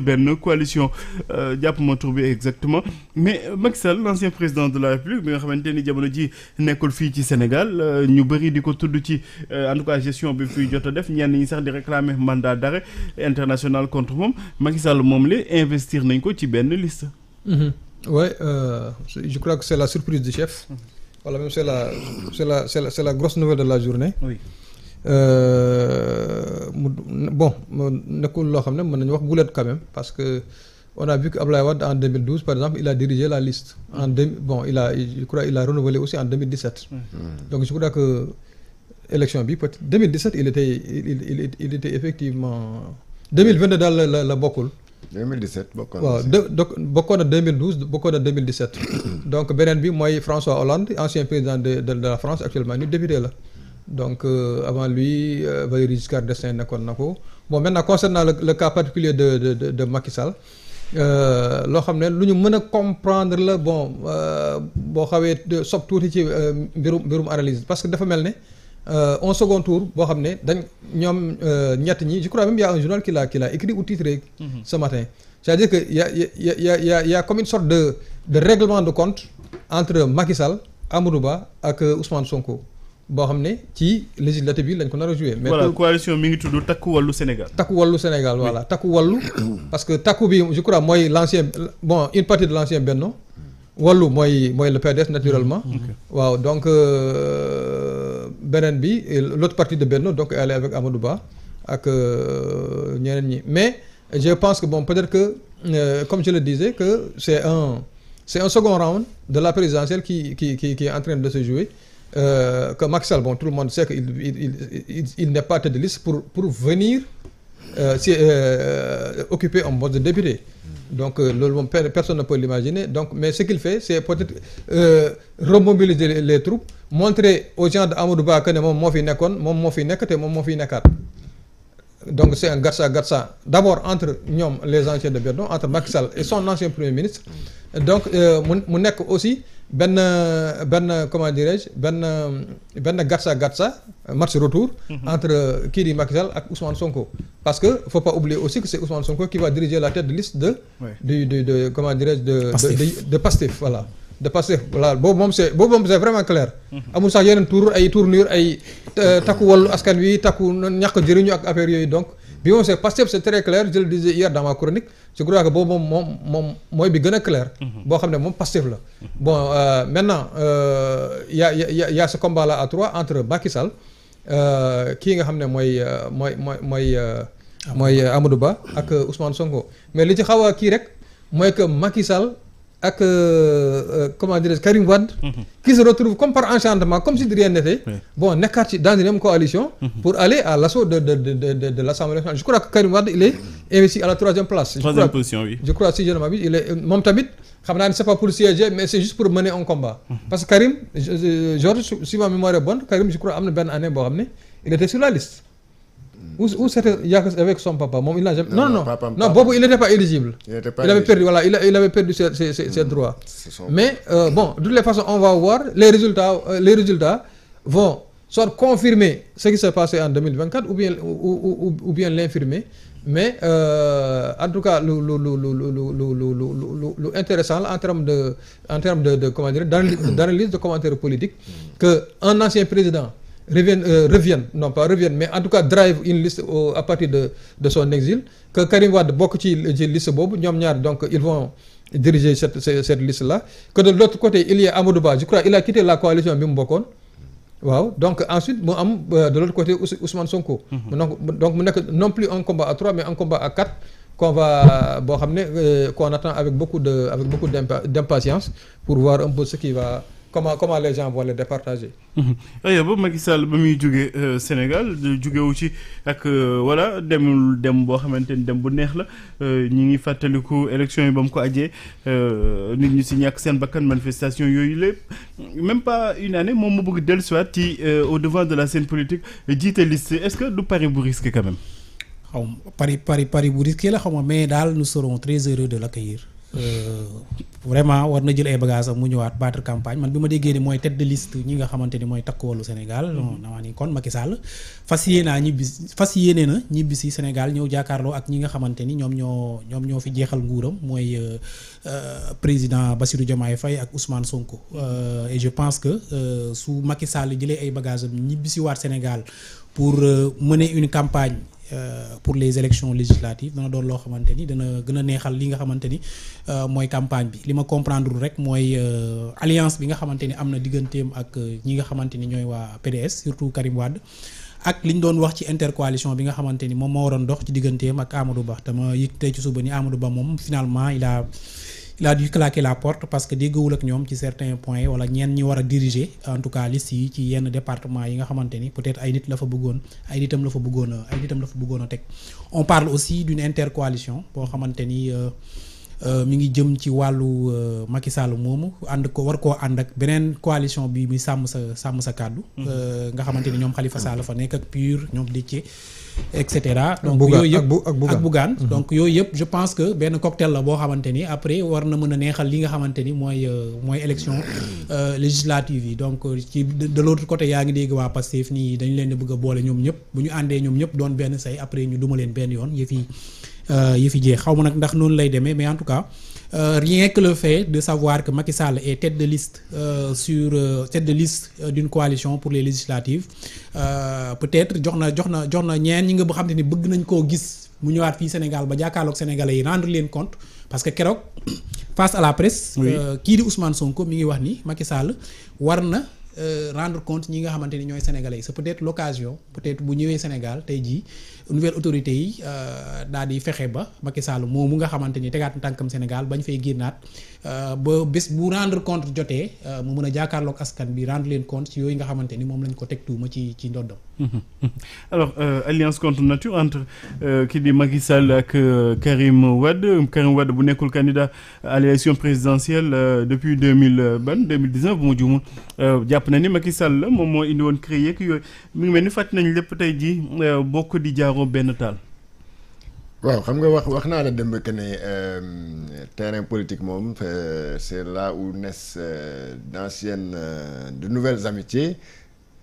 benn coalition euh, jàpp ma tur bi exactement mais euh, Macky Sall l'ancien président de la République bi nga xamante ni jamono ji nekkul fii ci Sénégal euh, ñu bëri di ko tudd ci en tout cas gestion bi fiy jot a def ñenn ñi sax di réclamer mandat d'arrêt international contre moom Macky Sall moom la investir nañ ko ci benn liste. Mm-hmm. ouais je crois que c'est la surprise du chef. voilà même c'est la c'est la c'est la c'est la grosse nouvelle de la journée. Oui. Euh, mu bon nekkul loo xam ne mën nañu wax gulet quand même parce que on a vu en par exemple il a dirigé la liste. en deux bon il a je crois il a renouvelé aussi en 2017. Mm. Mm. donc je crois que élection bi peut 2017 il était il était effectivement daal la la la bokkul. 2017 bokkoon na waaw de bokkoon na 2012 donc beneen bi mooy François Hollande ancien président de de la France actuellement ni député la. donc euh, avant lui euh, Valéry Giscard nekkoon na ko bon maintenant concernant la le cas particulier de de de, de Macky Sall euh, loo xam ne lu ñu mën a comprendre la bon euh, boo xawee sob tuuti ci euh, mbirum mbirum analyse parce que dafa mel ne un second tour boo xam ne dañ ñoom ñett ñi je crois même y a un journal qui l'a qui l'a écrit ou titré mm -hmm. ce matin c'est-à-dire que y a y a y comme une sorte de de règlement de compte entre Macky Sall Amadou Ba ak Ousmane Sonko. boo xam ne ci législative bi lañ ko nar a joué. mais voilà coalition mi ngi tudd takku wàllu Sénégal. takku wàllu Sénégal voilà takku parce que takku bi je crois mooy l' ancien bon une partie de l' ancien Benno. wàllu mooy mooy le PDS naturellement. Mm, waaw donc euh, beneen bi l' autre partie de Benno donc elle est avec Amadou ak euh, ñeneen ñi mais je pense que bon peut-être que euh, comme je le disais que c' est un c' est second round de la présidentielle qui qui qui qui est de se jouer. euh, que Macky Sall, bon, tout le monde sait qu'il il, n'est pas tête de liste pour, pour venir euh, si, euh, occuper un poste de député. Mm. Donc, euh, le, personne ne peut l'imaginer. Donc, mais ce qu'il fait, c'est peut-être euh, remobiliser les, les, troupes, montrer aux gens d'Amadouba que mon mon fi nekkoon moom moo fi nekk te moom moo fi nekkaat. donc c'est un gatsa gatsa d'abord entre ñoom les anciens de Benno entre Macky Sall et son ancien premier ministre donc euh, mu nekk aussi benn benn comment dirais-je benn benn gatsa gatsa match retour mhm. entre euh, kii di Macky Sall ak Ousmane Sonko parce que faut pas oublier aussi que c'est Ousmane Sonko qui va diriger la tête de liste de de comment dirais-je de de voilà de Pastef voilà boobu moom c'est boobu moom c'est vraiment clair mhm. amul sax yeneen tour ay tournure ay euh, takku wàllu askan wi takku ñàkk jëriñu ak affaire yooyu donc bi moom c'est Pastef c'est très clair je le disais chronique je moom moom moom mooy bi gën a clair mhm. boo xam ne moom Pastef la mhm. bon euh, maintenant euh, y a y a y a ce euh, kii nga xam ne mooy mooy mooy mooy mooy Ba ak Ousmane Sonko mais li ci xaw a kii rek mooy que Macky Sall ak euh, euh comment dirais Karim Wade. Mm se retrouve comme par enchantement comme si de rien n'était. bon nekkaat ci dans une coalition. Mhm. pour aller à l'assaut de l'Assemblée nationale je crois Karim Wade il est investi à la troisième place. je crois si je ne m'abuse il est euh, moom tamit xam naa ne c'est pas pour siéger mais c'est juste pour mener un combat. Mhm. parce que Karim Georges si ma mémoire est Karim je crois am na benn année boo xam ne il était sur ou ou c'était avec son papa moom il n'a jamais. non non papa, non boobu il était pas éligible. il avait perdu ses droits. mais euh, bon façons on va voir les résultats les résultats vont soit confirmer ce qui s'est passé en 2024 ou bien ou ou ou bien l'infirmer mais euh, en tout cas lu lu lu lu lu lu lu lu intéressant la en termes de en termes de de comment dire d'analyse de commentaires politiques que un ancien président. reviennent euh, reviennent non pas reviennent mais en tout cas drive une liste au, à partir de de son exil que Karim Wade bokk ci ci boobu ñoom ñaar donc ils vont diriger cette cette liste là que de l'autre côté il y a Amadou Ba je crois il a quitté la coalition bi mu bokkoon waaw donc ensuite mu am euh, de l'autre côté Ousmane Sonko. Mm -hmm. donc donc mu nekk non plus un combat à trois mais un combat à quatre. qu'on va boo xam ne euh, qu'on attend avec beaucoup ak avec beaucoup d'impa d'impatience pour voir un va. comment comment les gens vont les départager. Mm-hmm. aywa ba Macky Sall ba muy jóge euh, Sénégal jógewu ci ak euh, voilà demul dem boo xamante ni dem bu neex la euh, ñi ngi fàttaliku élection yi ba mu ko ajee nit ñi si ñàkk seen bakkan manifestation yooyu lépp même pas une année moom mu bëgg dellusiwaat ci au devant de la scène politique jiite liste est-ce que du pari bu risqué quand même. xaw ma pari pari pari bu risqué la xaw ma mais daal nous serons très heureux de la l'accueillir Euh, vraiment war na jël ay bagages am mu ñëwaat battre campagne man bi ma déggee ni mooy tête de ñi nga xamante ni mooy takk wàllu Sénégal. Mhm. naa ni kon Macky Sall fas yéene naa ñibbi fas yéene na ñibbi si Sénégal ñëw jàkkaarloo ak ñi nga xamante ni ñoom ñoo ñoom ñoo fi jeexal nguuram mooy euh, euh, président Bassirou Diomaye fay ak Ousmane Sonko. et je pense que su Macky Sall jëlee ay bagages ñibbi si waat Sénégal pour mener une campagne. Euh, pour les élections législatives dana doon loo xamante ni dana gën a neexal li nga xamante ni euh, mooy campagne bi li ma comprendre rek mooy euh, alliance bi nga xamante ni am na digganteem ak ñi nga xamante ni ñooy waa PDS surtout Karim Wade ak li ñu doon wax ci intercoalition bi nga xamante ni moom moo waroon dox ci digganteem ak Amadou Ba dama yit tey ci suba ni Amadou Ba moom finalement il a il a dû claquer la porte parce que déggawul ak ñoom ci certains points wala ñeen ñi war a diriger en tout cas liste yi ci yenn département yi nga xamante ni peut-être ay nit la fa bëggoon ay nitam la fa bëggoon a teg on parle aussi d'une intercoalition boo xamante ni euh, Euh, mi ngi jëm ci wàllu euh, Macky Sall moomu ànd ko war koo ànd ak beneen coalition bi muy sàmm sa sàmm sa kàddu. Mhm. Euh, nga xamante ni ñoom xalifa Sall fa nekk ak PUR ñoom Déthié et cetera. donc yooyu yëpp ak Bougane mhm. donc yooyu yëpp je pense que benn cocktail la boo xamante ni après war na mën a neexal li nga xamante ni mooy mooy élection législative yi donc ci de l'autre yaa ngi dégg waa Pastef nii dañu leen di bëgg a boole ñoom ñëpp bu ñu àndee ñoom ñëpp doon benn say après ñu duma leen benn yoon yëf Euh, yi fi jeex xaw ma nag ndax noonu lay demee mais en tout cas euh, rien que le fait de savoir que Macky Sall est tête de liste euh, sur tête de liste d'une coalition pour les législatives peut-être jox na jox na jox na ñeen ñi nga xam ne ni bëgg nañ koo gis mu ñëwaat fii Sénégal ba jàkkaarloog sénégalais yi rendre leen compte parce que keroog face à la presse. kii di Ousmane Sonko mi ngi wax ni Macky Sall war na. Euh, rendre compte ñi nga xamante ni ñooy sénégalais yi c'est peut-être l'occasion peut-être bu ñëwee Sénégal tey jii nouvelle autorité yi euh, daal di fexe ba Macky Sall moomu nga xamante ni tegaat tànkam Sénégal bañ fay génnaat euh, ba bu rendre compte jotee euh, mu mën a jàkkaarloog askan bi rendre leen compte ci yooyu nga xamante ni moom lañ ko teg tuuma ci ci ndoddam. alors euh, alliance contre nature entre euh, kii di Macky Sall ak euh, Karim bu nekkul candidat à l'élection présidentielle depuis deux mille ban deux mille dix-neuf na ni Macky Sall moo indi woon créé ak yooyu mu ngi mel ni fàtt nañ lépp tey jii bokk di jaaw. Thiago benn taal. waaw xam nga wax wax naa la dem que ne euh, terrain politique moom euh, c'est là où naissent euh, d'anciennes de nouvelles amitiés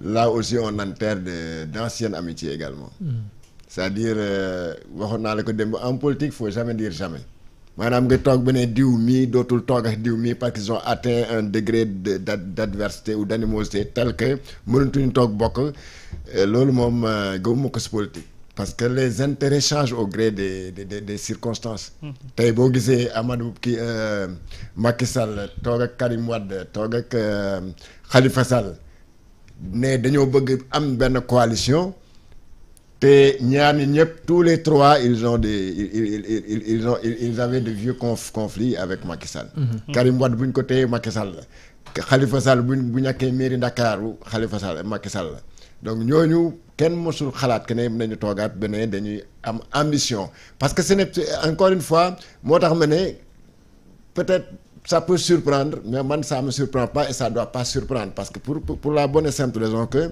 là aussi on enterre de d'anciennes amitiés également. Mm. c'est-à-dire waxoon naa la ko dem en politique faut jamais dire jamais. maanaam nga toog ba diw mii dootul toog ak diw mii parce degré de d'adversité ou d'animosité tel que toog bokk loolu moom gëmuma ko si politique. parce que les intérêts changent au gré des de des, des circonstances. tey boo gisee Amadou kii euh, Macky Sall toog ak Karim Wade toog ak euh, Khalifa Sall ne dañoo bëgg am benn coalition te ñaar ni ñëpp tous les trois ils ont des ils ils ont ils avaient de vieux conflits avec Macky Sall. Mm-hmm. Mm-hmm. Karim Wade bu ñu ko téye Macky Sall la. Khalifa Sall bu bu ñàkkee mairie Ndakaaru Khalifa Sall la. donc ñooñu kenn mosul xalaat que ne nañu toogaat ba ne dañuy am ambition parce que ce n'est encore une fois moo tax ma ne peut-être ça peut surprendre mais man ça me surprend pas et ça doit pas surprendre parce que pour pour la bonne et simple raison que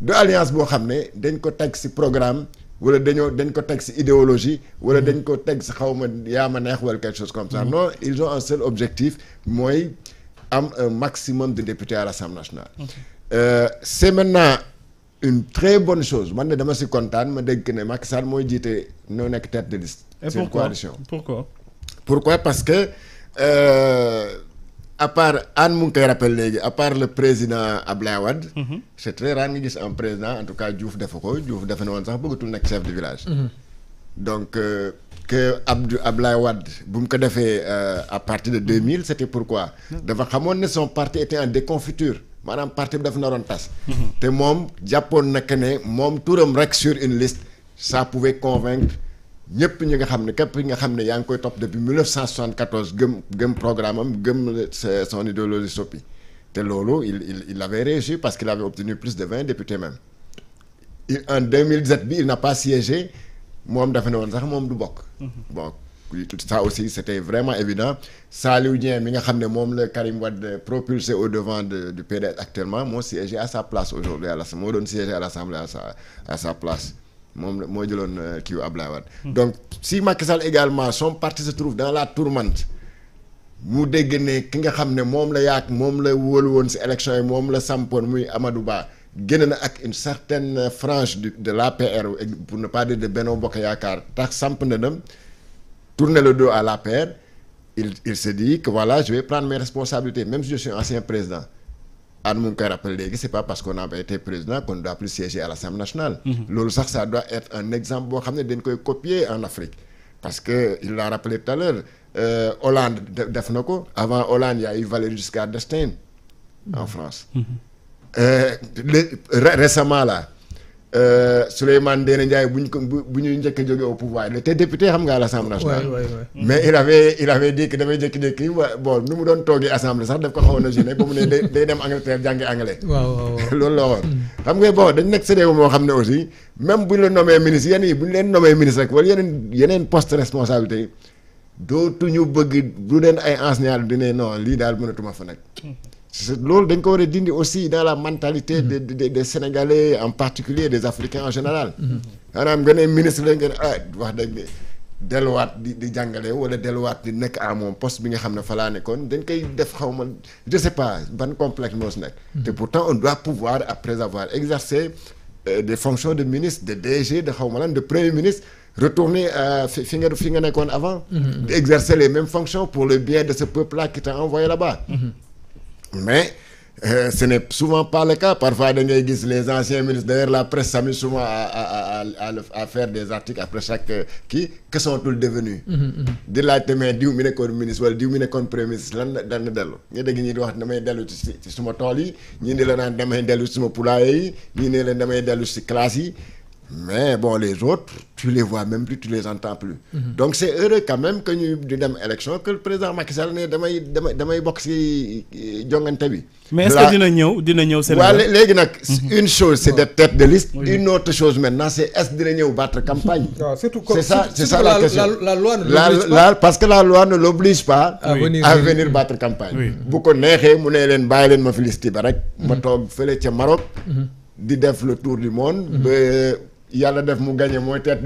de alliance boo xam ne dañ ko teg si programme wala dañoo dañ ko teg si idéologie wala dañ ko teg si xawma yaa ma neex wala quelque chose comme ça mm-hmm. non ils ont un seul objectif mooy am un maximum de députés une très bonne chose man de dama si kontaan ma dégg ne Macky Sall mooy jiite noo nekk tête de liste. seen coalition pourquoi pourquoi parce que euh, Anne mu ngi koy rappel léegi à le président Ablaye Wade. Mhm. c' est très rare nga gis un président en tout cas Diouf defu ko Diouf defe na woon sax bëggatul nekk chef de village. Mhm. donc euh, que Abdou Ablaye Wade bu mu ko defee euh, à partir de 2000 c' était pourquoi. Mhm. dafa xamoon ne son parti était en déconfiture. maanaam parti bi dafa naroon tas. Mhm. te moom jàppoon na ne moom turam rek sur une liste ça pouvait convaincre ñëpp ñi nga xam ne képp ñi nga xam ne yaa ngi koy topp depuis 1974 gëm gëm programme am gëm son idéologie soppi te loolu il il il avait réussi parce qu'il avait obtenu plus de vingt députés même en 2017 bi il n'a pas siégé moom dafa ne woon sax moom du bokk. Mhm. ça aussi c'était vraiment évident Saliou Dieng mi nga xam ne moom la Karim Wade propulsé au devant de du PDS actuellement moo siégé à sa place aujourd'hui à l'Assemblée moo doon siégé à l'Assemblée à a à sa place moom moo jëloon euh, kii Abdoulaye Wade hmm. donc si Macky Sall également son parti se trouve dans la tourmente mu dégg ne ki nga xam ne moom la yaak moom la wóolu woon si élection yi moom la sampoon muy Amadou Ba génn na ak une certaine frange de l'APR pour ne pas dire de Benno Bokk Yaakaar tax samp na dem tourner le dos à la paire il il se dit que voilà je vais prendre mes responsabilités si je suis ancien président an mu ngi koy rappelé léegi c'est pas parce qu'on a été président qu'on ne doit plus siéger à l'Assemblée nationale mm-hmm. loolu sax ça doit être un exemple boo xam ne dañ koy copier en Afrique parce que il l'a rappelé tout à l'heure euh, def na ko avant Hollande y a eu Valéry Giscard d'Estaing en France mm-hmm. euh, Euh, Souleymane Ndéné Ndiaye bu ñu ko bu ñuy njëkk a jóge au pouvoir il était député xam nga à l' assemblée nationale. Mm-hmm. mais il avait il avait dit que dafay mu doon toogee assemblée sax daf ko xawoon a gêné ba mu ne day dem Angleterre jàngi anglais. waaw waaw loolu la woon. Mm. xam nga bon dañ nekk CEDEAO moo xam ne aussi même bu ñu la nommé ministre yenn yi bu ñu leen nommé ministre rek wala yeneen yeneen poste responsabilité yi ñu bëgg du leen ay enseignants dinañ non lii daal mënatuma fa nag loolu dañ ko war a dindi aussi dans la mentalité des des des sénégalais en particulier des africains en général. Mhm. maanaam nga ne ministre la nga ne ah wax dëgg delluwaat di di jàngale wala delluwaat di nekk à mon poste bi nga xam ne fa laa nekkoon dañ koy def xaw ma je sais pas ban moo si nekk. Mhm. te pourtant on doit pouvoir après avoir exercé euh, des fonctions de ministre de DG de xaw ma lan de premier ministre. retourner euh, fi nga fi nga nekkoon avant. d'exercer mhm. les mêmes fonctions pour le bien de ce peuple-là qui mais euh, ce n'est souvent pas le cas parfois da gis les anciens ministres d'ailleurs la presse s'amuse souvent à à à à faire des articles après chaque euh, kii que sont mm-hmm, mm-hmm. di laajte mais diw mi nekkoon ministre wala diw mi nekkoon premier ministre lan lan la dellu ñu dégg ñi di wax damay dellu ci suma tool yi ñii ne la naan damay dellu ci suma poulailler yi ñii ne leen damay dellu ci classe yi mais bon les autres tu les vois même plus tu les entends plus. Mmh. donc c' est quand même que ñu di dem élection que le président Macky Sall ne damay damay bokk si euh, jongante bi. mais est que dina ñëw dina ñëw Sénégal waaw léegi nag. Mhm. une chose c' est d'être tête de liste. une autre chose maintenant c' est est ce dina ñëw battre campagne. waaw ça c' est la question la loi parce que la loi ne l'oblige pas. à venir battre campagne. bu ko neexee mu ne leen bàyyi leen ma fi ba rek. ma mhm. toog fële ca Maroc. Mhm. di def le tour du monde. yàlla def mu gagné mooy tête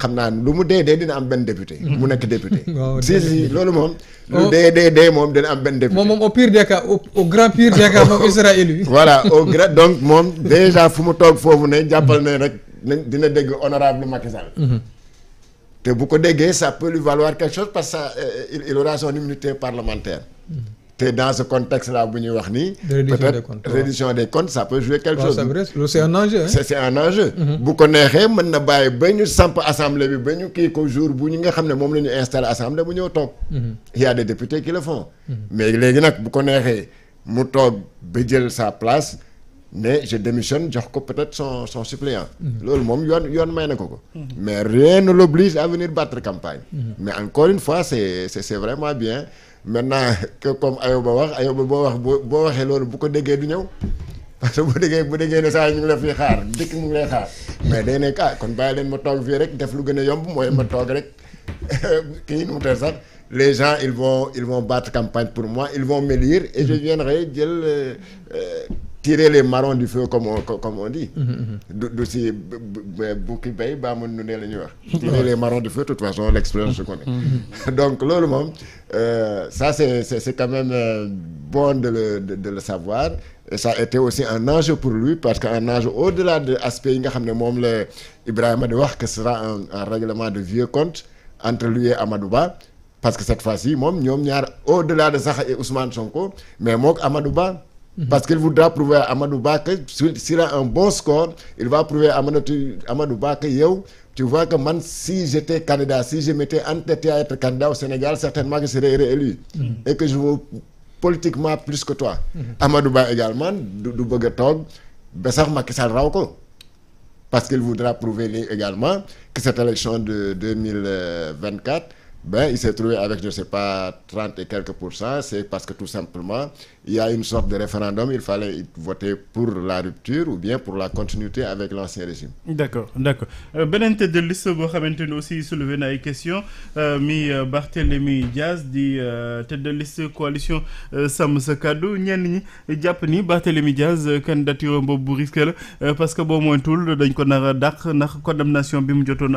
xam naa lu mu dee dee dina am benn député. mu nekk député. si si loolu moom. Oh, lu dee dee dee moom dina am benn député. moom moom au pire des cas au grand pire des cas moom Israël yi. voilà au grand donc moom déjà fu mu toog foofu ne jàppal ne rek nañ dina dégg honorable Macky mhm. te bu ko déggee sa peut lui valoir quelque chose parce que euh, il aura son immunité parlementaire. Mhm. te dans ce contexte là bu ñuy wax nii. peut-être reddition des comptes ça peut c'est un enjeu. c'est un enjeu. Mm-hmm. bu ko neexee mën na bàyyi ba ñu samp assemblée bi ba ñu kii ko jour bu ñu nga xam ne moom la ñu installé assemblée bu ñëw toog. Mm-hmm. il y a des députés qui le mm-hmm. mais léegi nag bu ko neexee mu toog bi jël sa place ne je démissionne jox ko peut son son loolu moom yoon yoon may na ko ko. mais rien ne l'oblige à venir battre campagne. mais encore une fois c'est c'est maintenant que comme Ayoba wax Ayoba boo wax boo boo waxee loolu bu ko déggee du ñëw parce que bu déggee bu déggee ne saa ñu ngi la fi xaar dëkk mu ngi lay xaar mais day nekk ah kon bàyyi leen ma toog fii rek def lu gën a yomb mooy ma toog rek kii nu mu teel sax les gens ils von ils vont battre campagne pour moi ils vont m'élire et je rey jël. Euh, euh, tirer les marrons du feu comme on comme mhm, mhm. du si bukki bay baa mën nu ne la ñuy wax. tirer les marrons du feu de toute façon l'expérience je connais. Mhm, donc loolu moom euh, ça c'est c'est c'est quand même euh, bon de le de, le savoir. Et ça a été aussi un enjeu pour lui parce que un enjeu au-delà de aspect yi nga xam ne moom la Ibrahima di wax que ce sera un, un de vieux compte entre lui et Amadou Ba parce que cette fois-ci moom ñoom ñaar au-delà de sax et Ousmane Sonko mais mook Amadou Ba. Mhm. Parce qu'il voudra prouver à Amadou Ba que un bon score, il va prouver à Amadou yow, tu vois que man, si j'étais candidat, si je m'étais entêté à être candidat au Sénégal, certainement que je serais mhm. Et que je vaux politiquement plus que toi. Mhm. Amadou Ba également du du bëgg a toog ba raw ko. parce qu'il voudra prouver également que cette élection de ben, il s'est que tout simplement, il y pour la rupture ou bien pour la continuité avec l'ancien régime. D'accord, d'accord. Euh, beneen tête de liste boo xamante ni aussi soulevé na ay question euh, mi euh, Barthélémy Diaz di tête coalition Sàmm Sa Kàddu ñenn ñi jàpp ni Barthélémy Diaz candidature boobu bu risqué la parce que boo moytuwul dañ ko nar dàq ndax condamnation bi mu jotoon